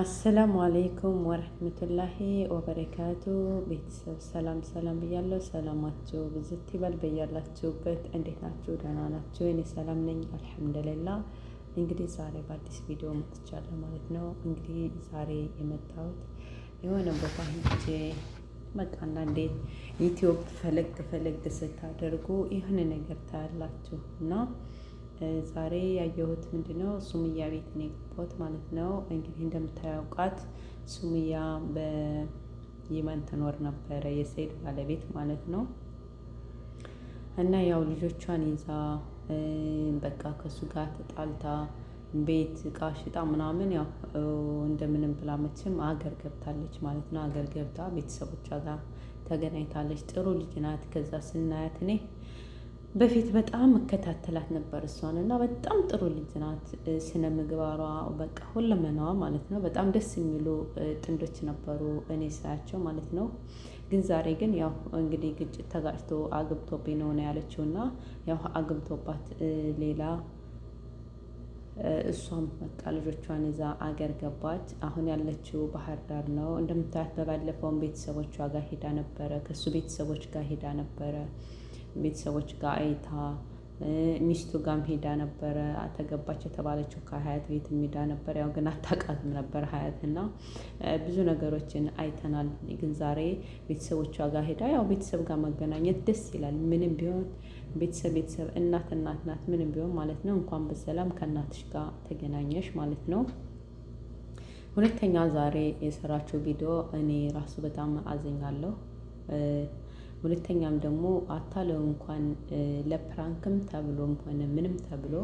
አሰላሙ አለይኩም ወረህመቱላሂ ወበረካቱ። ቤተሰብ ሰላም ሰላም ብያለሁ። ሰላማችሁ ብዝት ይበል በያላችሁበት። እንዴት ናችሁ? ደህና ናችሁ? እኔ ሰላም ነኝ አልሐምዱሊላ። እንግዲህ ዛሬ በአዲስ ቪዲዮ መጥቻለሁ ማለት ነው። እንግዲህ ዛሬ የመጣሁት የሆነ ቦታ ሂጄ በቃ አንዳንዴ ዩቲዩብ ፈለግ ፈለግ ስታደርጉ የሆነ ነገር ታያላችሁ እና ዛሬ ያየሁት ምንድነው ሱምያ ቤት ነው የገባሁት ማለት ነው። እንግዲህ እንደምታያውቃት ሱምያ በየመን ትኖር ነበረ የሰይድ ባለቤት ማለት ነው። እና ያው ልጆቿን ይዛ በቃ ከሱ ጋር ተጣልታ ቤት እቃ ሽጣ ምናምን ያው እንደምንም ብላ መቼም አገር ገብታለች ማለት ነው። አገር ገብታ ቤተሰቦቿ ጋር ተገናኝታለች። ጥሩ ልጅ ናት። ከዛ ስናያት እኔ በፊት በጣም እከታተላት ነበር እሷን እና በጣም ጥሩ ልጅ ናት። ስነ ምግባሯ በቃ ሁለመናዋ ማለት ነው። በጣም ደስ የሚሉ ጥንዶች ነበሩ እኔ ሳያቸው ማለት ነው። ግን ዛሬ ግን ያው እንግዲህ ግጭት ተጋጭቶ አግብቶብኝ ነው ነው ያለችው እና ያው አግብቶባት ሌላ እሷም በቃ ልጆቿን እዛ አገር ገባች። አሁን ያለችው ባህር ዳር ነው እንደምታያት። በባለፈውን ቤተሰቦቿ ጋር ሄዳ ነበረ፣ ከእሱ ቤተሰቦች ጋር ሄዳ ነበረ ቤተሰቦች ጋር አይታ ሚስቱ ጋም ሄዳ ነበረ ተገባች የተባለችው ከሀያት ቤት ሄዳ ነበር። ያው ግን አታውቃትም ነበር ሀያት እና ብዙ ነገሮችን አይተናል። ግን ዛሬ ቤተሰቦቿ ጋር ሄዳ ያው ቤተሰብ ጋር መገናኘት ደስ ይላል። ምንም ቢሆን ቤተሰብ ቤተሰብ እናት እናት ናት። ምንም ቢሆን ማለት ነው እንኳን በሰላም ከእናትሽ ጋር ተገናኘሽ ማለት ነው። ሁለተኛ ዛሬ የሰራችው ቪዲዮ እኔ ራሱ በጣም አዝኛለሁ። ሁለተኛም ደግሞ አታለው እንኳን ለፕራንክም ተብሎም ሆነ ምንም ተብሎ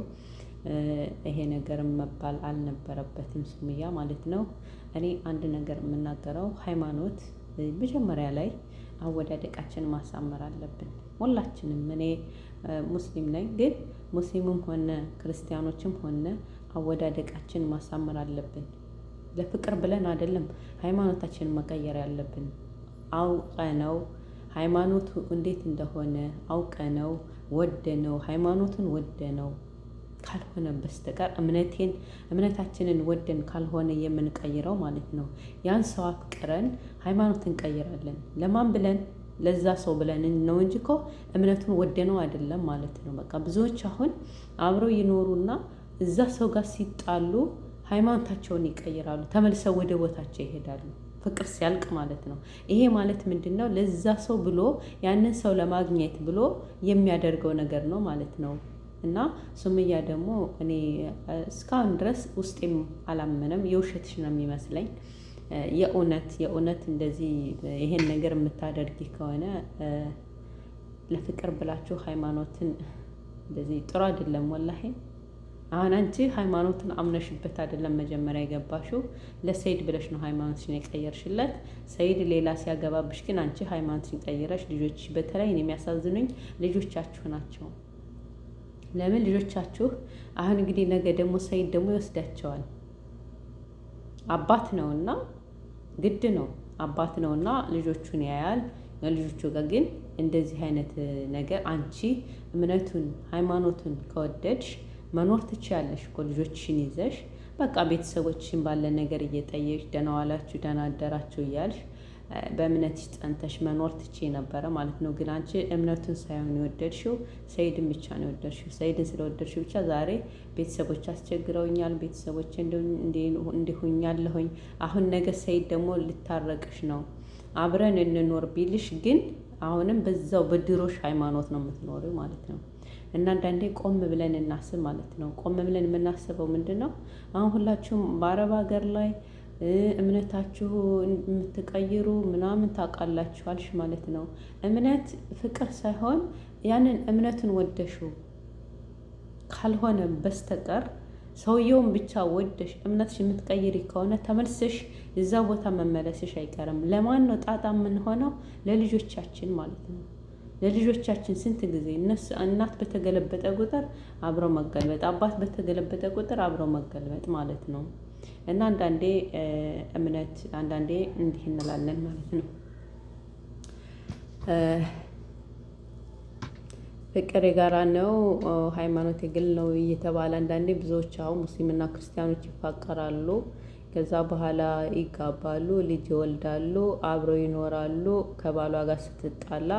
ይሄ ነገር መባል አልነበረበትም ሱመያ ማለት ነው። እኔ አንድ ነገር የምናገረው ሃይማኖት መጀመሪያ ላይ አወዳደቃችን ማሳመር አለብን። ሁላችንም እኔ ሙስሊም ነኝ ግን ሙስሊምም ሆነ ክርስቲያኖችም ሆነ አወዳደቃችን ማሳመር አለብን። ለፍቅር ብለን አይደለም ሃይማኖታችንን መቀየር ያለብን አውቀነው ሃይማኖቱ እንዴት እንደሆነ አውቀነው ወደነው ሃይማኖቱን ወደነው ካልሆነ በስተቀር እምነቴን እምነታችንን ወደን ካልሆነ የምንቀይረው ማለት ነው። ያን ሰው አፍቅረን ሃይማኖት እንቀይራለን ለማን ብለን ለዛ ሰው ብለን ነው እንጂ እኮ እምነቱን ወደነው አይደለም ማለት ነው። በቃ ብዙዎች አሁን አብረው ይኖሩና እዛ ሰው ጋር ሲጣሉ ሃይማኖታቸውን ይቀይራሉ ተመልሰው ወደ ቦታቸው ይሄዳሉ ፍቅር ሲያልቅ ማለት ነው። ይሄ ማለት ምንድን ነው? ለዛ ሰው ብሎ ያንን ሰው ለማግኘት ብሎ የሚያደርገው ነገር ነው ማለት ነው። እና ሱምያ ደግሞ እኔ እስካሁን ድረስ ውስጤም አላመነም፣ የውሸትሽ ነው የሚመስለኝ። የእውነት የእውነት እንደዚህ ይሄን ነገር የምታደርጊ ከሆነ ለፍቅር ብላችሁ ሃይማኖትን እንደዚህ ጥሩ አይደለም ወላሄ አሁን አንቺ ሃይማኖትን አምነሽበት አይደለም መጀመሪያ የገባሽው። ለሰይድ ብለሽ ነው ሃይማኖትሽን የቀየርሽለት። ሰይድ ሌላ ሲያገባብሽ ግን አንቺ ሃይማኖትሽን ቀይረሽ ልጆች፣ በተለይ የሚያሳዝኑኝ ልጆቻችሁ ናቸው። ለምን ልጆቻችሁ አሁን እንግዲህ ነገ ደግሞ ሰይድ ደግሞ ይወስዳቸዋል። አባት ነውና ግድ ነው አባት ነውና ልጆቹን ያያል። ልጆቹ ጋር ግን እንደዚህ አይነት ነገር አንቺ እምነቱን ሃይማኖቱን ከወደድሽ መኖር ትችያለሽ እኮ ልጆችሽን ይዘሽ በቃ ቤተሰቦችሽን ባለ ነገር እየጠየቅሽ ደህና ዋላችሁ ደህና አደራችሁ እያልሽ በእምነትሽ ጸንተሽ መኖር ትቼ ነበረ ማለት ነው። ግን አንቺ እምነቱን ሳይሆን የወደድሽው ሰይድን ብቻ ነው የወደድሽው። ሰይድን ስለወደድሽው ብቻ ዛሬ ቤተሰቦች አስቸግረውኛል፣ ቤተሰቦች እንዲሁኛለሁኝ፣ አሁን ነገ ሰይድ ደግሞ ልታረቅሽ ነው አብረን እንኖር ቢልሽ ግን አሁንም በዛው በድሮሽ ሃይማኖት ነው የምትኖሪው ማለት ነው። እና አንዳንዴ ቆም ብለን እናስብ ማለት ነው። ቆም ብለን የምናስበው ምንድን ነው? አሁን ሁላችሁም በአረብ ሀገር ላይ እምነታችሁ የምትቀይሩ ምናምን ታውቃላችኋልሽ ማለት ነው። እምነት ፍቅር ሳይሆን ያንን እምነቱን ወደሹ ካልሆነ በስተቀር ሰውየውን ብቻ ወደሽ እምነትሽ የምትቀይሪ ከሆነ ተመልስሽ እዛ ቦታ መመለስሽ አይቀርም። ለማን ነው ጣጣ የምንሆነው? ለልጆቻችን ማለት ነው። ለልጆቻችን ስንት ጊዜ እነሱ እናት በተገለበጠ ቁጥር አብረው መገልበጥ፣ አባት በተገለበጠ ቁጥር አብረው መገልበጥ ማለት ነው። እና አንዳንዴ እምነት አንዳንዴ እንዲህ እንላለን ማለት ነው። ፍቅር የጋራ ነው፣ ሃይማኖት የግል ነው እየተባለ አንዳንዴ ብዙዎች አሁን ሙስሊምና ክርስቲያኖች ይፋቀራሉ። ከዛ በኋላ ይጋባሉ፣ ልጅ ይወልዳሉ፣ አብረው ይኖራሉ። ከባሏ ጋር ስትጣላ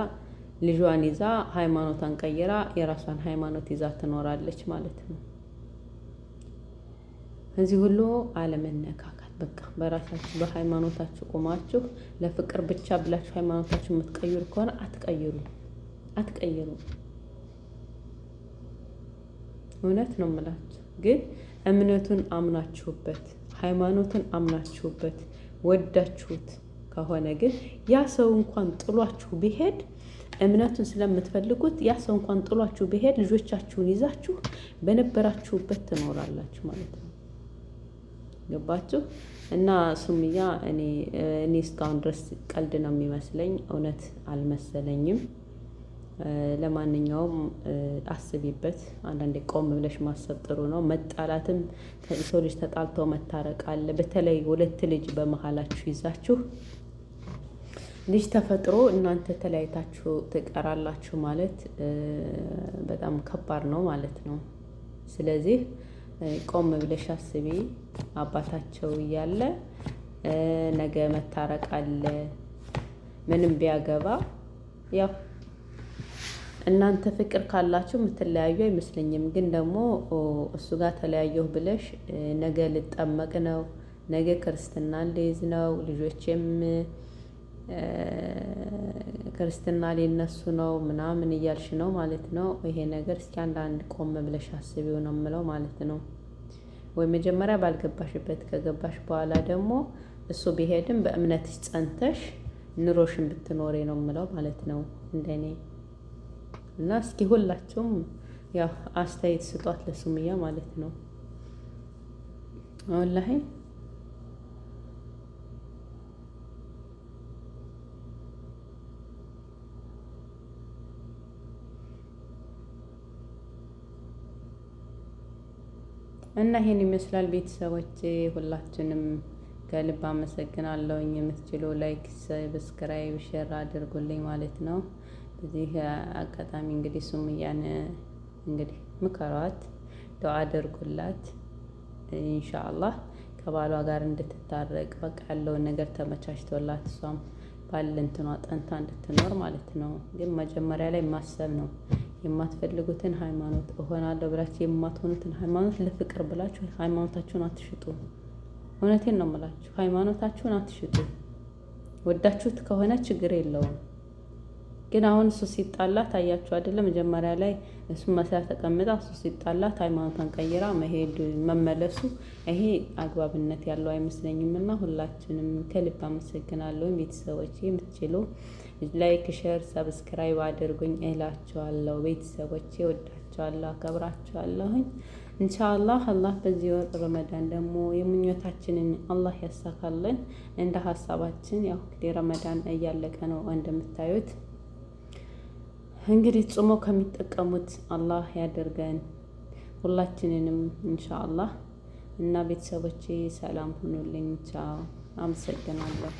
ልጇን ይዛ ሃይማኖቷን ቀይራ የራሷን ሃይማኖት ይዛ ትኖራለች ማለት ነው። እዚህ ሁሉ አለመነካካት፣ በቃ በራሳችሁ በሃይማኖታችሁ ቁማችሁ ለፍቅር ብቻ ብላችሁ ሃይማኖታችሁ የምትቀይሩ ከሆነ አትቀይሩ፣ አትቀይሩ። እውነት ነው የምላችሁ። ግን እምነቱን አምናችሁበት፣ ሃይማኖትን አምናችሁበት፣ ወዳችሁት ከሆነ ግን ያ ሰው እንኳን ጥሏችሁ ቢሄድ እምነቱን ስለምትፈልጉት ያ ሰው እንኳን ጥሏችሁ ቢሄድ ልጆቻችሁን ይዛችሁ በነበራችሁበት ትኖራላችሁ ማለት ነው። ገባችሁ? እና ሱምያ እኔ እስካሁን ድረስ ቀልድ ነው የሚመስለኝ፣ እውነት አልመሰለኝም። ለማንኛውም አስቢበት። አንዳንዴ ቆም ብለሽ ማሰብ ጥሩ ነው። መጣላትም ሰው ልጅ ተጣልተው መታረቅ አለ። በተለይ ሁለት ልጅ በመሀላችሁ ይዛችሁ ልጅ ተፈጥሮ እናንተ ተለያይታችሁ ትቀራላችሁ ማለት በጣም ከባድ ነው ማለት ነው። ስለዚህ ቆም ብለሽ አስቢ። አባታቸው እያለ ነገ መታረቅ አለ። ምንም ቢያገባ ያው እናንተ ፍቅር ካላችሁ የምትለያዩ አይመስለኝም። ግን ደግሞ እሱ ጋር ተለያየሁ ብለሽ ነገ ልጠመቅ ነው፣ ነገ ክርስትና ልይዝ ነው ልጆቼም ክርስትና ሊነሱ ነው ምናምን እያልሽ ነው ማለት ነው። ይሄ ነገር እስኪ አንዳንድ ቆም ብለሽ አስቢው ነው የምለው ማለት ነው። ወይ መጀመሪያ ባልገባሽበት ከገባሽ በኋላ ደግሞ እሱ ቢሄድም በእምነትሽ ጸንተሽ ኑሮሽን ብትኖሬ ነው የምለው ማለት ነው እንደኔ እና እስኪ ሁላችሁም ያው አስተያየት ስጧት ለሱምያ ማለት ነው ወላሂ እና ይሄን ይመስላል ቤተሰቦች። ሁላችንም ከልብ አመሰግናለሁኝ። የምትችሉ ላይክ፣ ሰብስክራይብ፣ ሼር አድርጉልኝ ማለት ነው። በዚህ አጋጣሚ እንግዲህ ሱሙያን እንግዲህ ምከሯት፣ ዱዓ አድርጉላት ኢንሻአላህ ከባሏ ጋር እንድትታረቅ በቃ ያለውን ነገር ተመቻችቶላት እሷም ባል እንትኗ ጠንታ እንድትኖር ማለት ነው። ግን መጀመሪያ ላይ ማሰብ ነው። የማትፈልጉትን ሃይማኖት እሆናለሁ ብላችሁ የማትሆኑትን ሃይማኖት ለፍቅር ብላችሁ ሃይማኖታችሁን አትሽጡ። እውነቴን ነው የምላችሁ፣ ሃይማኖታችሁን አትሽጡ። ወዳችሁት ከሆነ ችግር የለውም። ግን አሁን እሱ ሲጣላት ታያችሁ አይደለ? መጀመሪያ ላይ እሱ መስሪያ ተቀምጣ እሱ ሲጣላት ሃይማኖቷን ቀይራ መሄድ መመለሱ ይሄ አግባብነት ያለው አይመስለኝም። እና ሁላችንም ከልብ አመሰግናለሁ። ቤተሰቦች የምትችሉ ላይክ፣ ሸር፣ ሰብስክራይብ አድርጉኝ እላችኋለሁ። ቤተሰቦች ወዳችኋለሁ፣ አከብራችኋለሁኝ። ኢንሻአላህ አላህ በዚህ ወር ረመዳን ደግሞ የምኞታችንን አላህ ያሳካልን። እንደ ሀሳባችን ያው ረመዳን እያለቀ ነው እንደምታዩት እንግዲህ ጽሞ ከሚጠቀሙት አላህ ያደርገን ሁላችንንም ኢንሻአላህ። እና ቤተሰቦቼ ሰላም ሁኑልኝ። ቻው። አመሰግናለሁ።